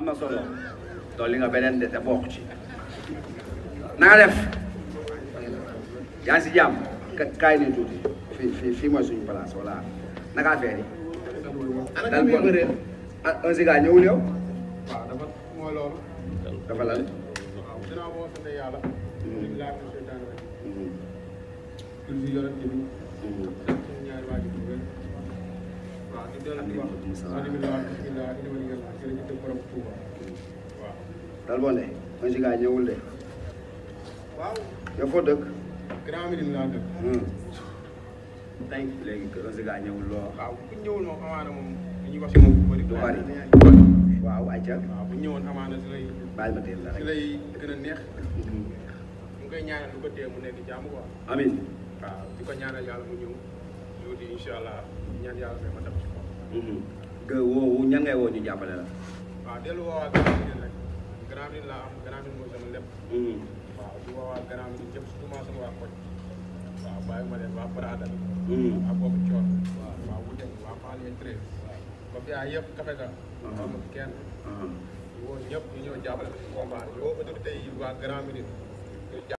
am na solo dolli nga beneen de te bokk ci na nga def yaa ngi si jàmm kaay ni tuuti fii fii fii mooy suñu place voilà naka affaire yi. daal boo ah un siga ñëwul yow. dafa mooy loolu. dafa dal bonde man si gaa ñëwul waaw yow foo dëkk Grand Médine laa dëkk hmm. tey léegi man si gaa ñëwul loo waaw bu ñëwul moom amaana moom moom bu bari waaw ayca waaw bu ñëwoon amaana si lay baal ma teel la rek lay gën a neex mu koy ñaanal lu ko mu nekk loolu di incha allah ñaan yàlla may ma dab nga woo ña ngay woo ñu jàppale la. waaw dellu woo waa Grand Médine rek Grand Médine laa am Grand Médine mooy sama lépp. Mm-hmm. waaw di woo waa Grand Médine ñëpp surtout maa sama waa koñ. waaw bàyyi ma leen waa Prada. waa Bopp Coor. waaw waa Wute waa Palier 13. waaw comme yaa yëpp kafe ka. Uh-huh. amul kenn. Uh-huh. di woo ñëpp ñu ñëw jàppale ko ci combat di woo autorité yi waa Grand Médine.